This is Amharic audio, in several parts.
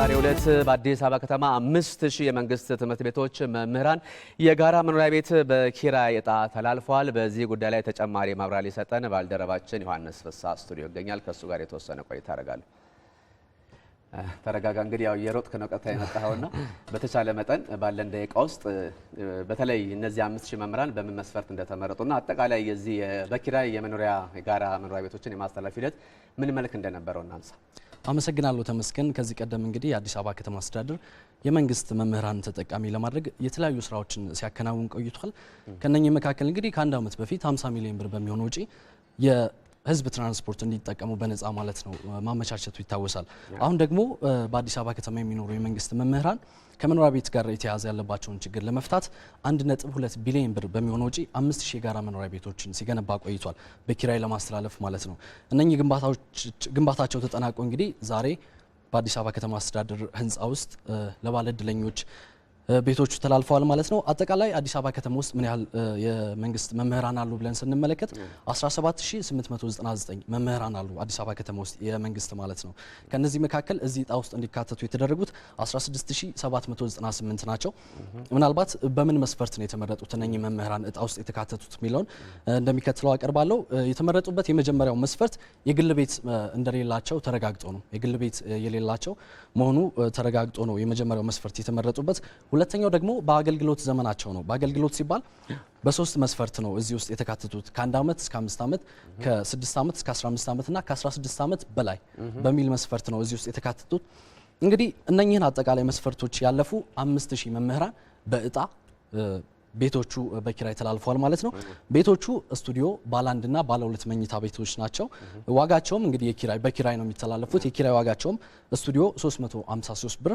በዛሬው ዕለት በአዲስ አበባ ከተማ አምስት ሺህ የመንግስት ትምህርት ቤቶች መምህራን የጋራ መኖሪያ ቤት በኪራይ እጣ ተላልፏል። በዚህ ጉዳይ ላይ ተጨማሪ ማብራሪያ ሊሰጠን ባልደረባችን ዮሐንስ ፍሳ ስቱዲዮ ይገኛል። ከእሱ ጋር የተወሰነ ቆይታ አደርጋለሁ። ተረጋጋ። እንግዲህ ያው የሮጥክ ነው ቀጥታ የመጣኸውና በተቻለ መጠን ባለን ደቂቃ ውስጥ በተለይ እነዚህ አምስት ሺህ መምህራን በምን መስፈርት እንደተመረጡና አጠቃላይ የዚህ በኪራይ የመኖሪያ የጋራ መኖሪያ ቤቶችን የማስተላለፍ ሂደት ምን መልክ እንደነበረው እናንሳ። አመሰግናለሁ ተመስገን። ከዚህ ቀደም እንግዲህ የአዲስ አበባ ከተማ አስተዳደር የመንግስት መምህራን ተጠቃሚ ለማድረግ የተለያዩ ስራዎችን ሲያከናውን ቆይቷል። ከነኚህ መካከል እንግዲህ ከአንድ ዓመት በፊት 50 ሚሊዮን ብር በሚሆን ወጪ ህዝብ ትራንስፖርት እንዲጠቀሙ በነፃ ማለት ነው ማመቻቸቱ ይታወሳል። አሁን ደግሞ በአዲስ አበባ ከተማ የሚኖሩ የመንግስት መምህራን ከመኖሪያ ቤት ጋር የተያያዘ ያለባቸውን ችግር ለመፍታት 1.2 ቢሊዮን ብር በሚሆነ ወጪ 5000 የጋራ መኖሪያ ቤቶችን ሲገነባ ቆይቷል። በኪራይ ለማስተላለፍ ማለት ነው። እነኚህ ግንባታቸው ተጠናቆ እንግዲህ ዛሬ በአዲስ አበባ ከተማ አስተዳደር ህንፃ ውስጥ ለባለ እድለኞች ቤቶቹ ተላልፈዋል ማለት ነው። አጠቃላይ አዲስ አበባ ከተማ ውስጥ ምን ያህል የመንግስት መምህራን አሉ ብለን ስንመለከት 17899 መምህራን አሉ አዲስ አበባ ከተማ ውስጥ የመንግስት ማለት ነው። ከነዚህ መካከል እዚህ እጣ ውስጥ እንዲካተቱ የተደረጉት 16798 ናቸው። ምናልባት በምን መስፈርት ነው የተመረጡት እነኚህ መምህራን እጣ ውስጥ የተካተቱት የሚለውን እንደሚከትለው አቀርባለሁ። የተመረጡበት የመጀመሪያው መስፈርት የግል ቤት እንደሌላቸው ተረጋግጦ ነው። የግል ቤት የሌላቸው መሆኑ ተረጋግጦ ነው የመጀመሪያው መስፈርት የተመረጡበት። ሁለተኛው ደግሞ በአገልግሎት ዘመናቸው ነው። በአገልግሎት ሲባል በሶስት መስፈርት ነው እዚህ ውስጥ የተካተቱት ከአንድ ዓመት እስከ አምስት ዓመት ከስድስት ዓመት እስከ አስራ አምስት ዓመት እና ከአስራ ስድስት ዓመት በላይ በሚል መስፈርት ነው እዚህ ውስጥ የተካተቱት። እንግዲህ እነኚህን አጠቃላይ መስፈርቶች ያለፉ አምስት ሺህ መምህራን በእጣ ቤቶቹ በኪራይ ተላልፏል ማለት ነው። ቤቶቹ ስቱዲዮ ባለ አንድና ባለ ሁለት መኝታ ቤቶች ናቸው። ዋጋቸውም እንግዲህ የኪራይ በኪራይ ነው የሚተላለፉት። የኪራይ ዋጋቸውም ስቱዲዮ 353 ብር፣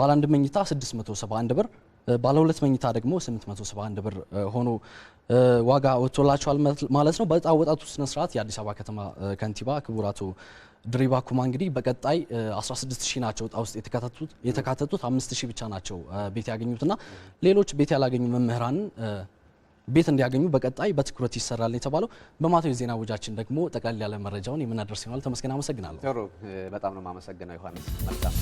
ባለ አንድ መኝታ 671 ብር ባለ ሁለት መኝታ ደግሞ 871 ብር ሆኖ ዋጋ ወጥቶላቸዋል ማለት ነው። ወጣቱ ስነ ስርዓት የአዲስ አበባ ከተማ ከንቲባ ክቡር አቶ ድሪባ ኩማ እንግዲህ በቀጣይ 16 ናቸው እጣ ውስጥ የተካተቱት፣ 5 ሺህ ብቻ ናቸው ቤት ያገኙትና ሌሎች ቤት ያላገኙ መምህራንን ቤት እንዲያገኙ በቀጣይ በትኩረት ይሰራል የተባለው። በማታዊ የዜና ውጃችን ደግሞ ጠቅለል ያለ መረጃውን የምናደርስ ይሆናል። ተመስገን፣ አመሰግናለሁ። ጥሩ፣ በጣም ነው የማመሰግነው ዮሐንስ። መልካም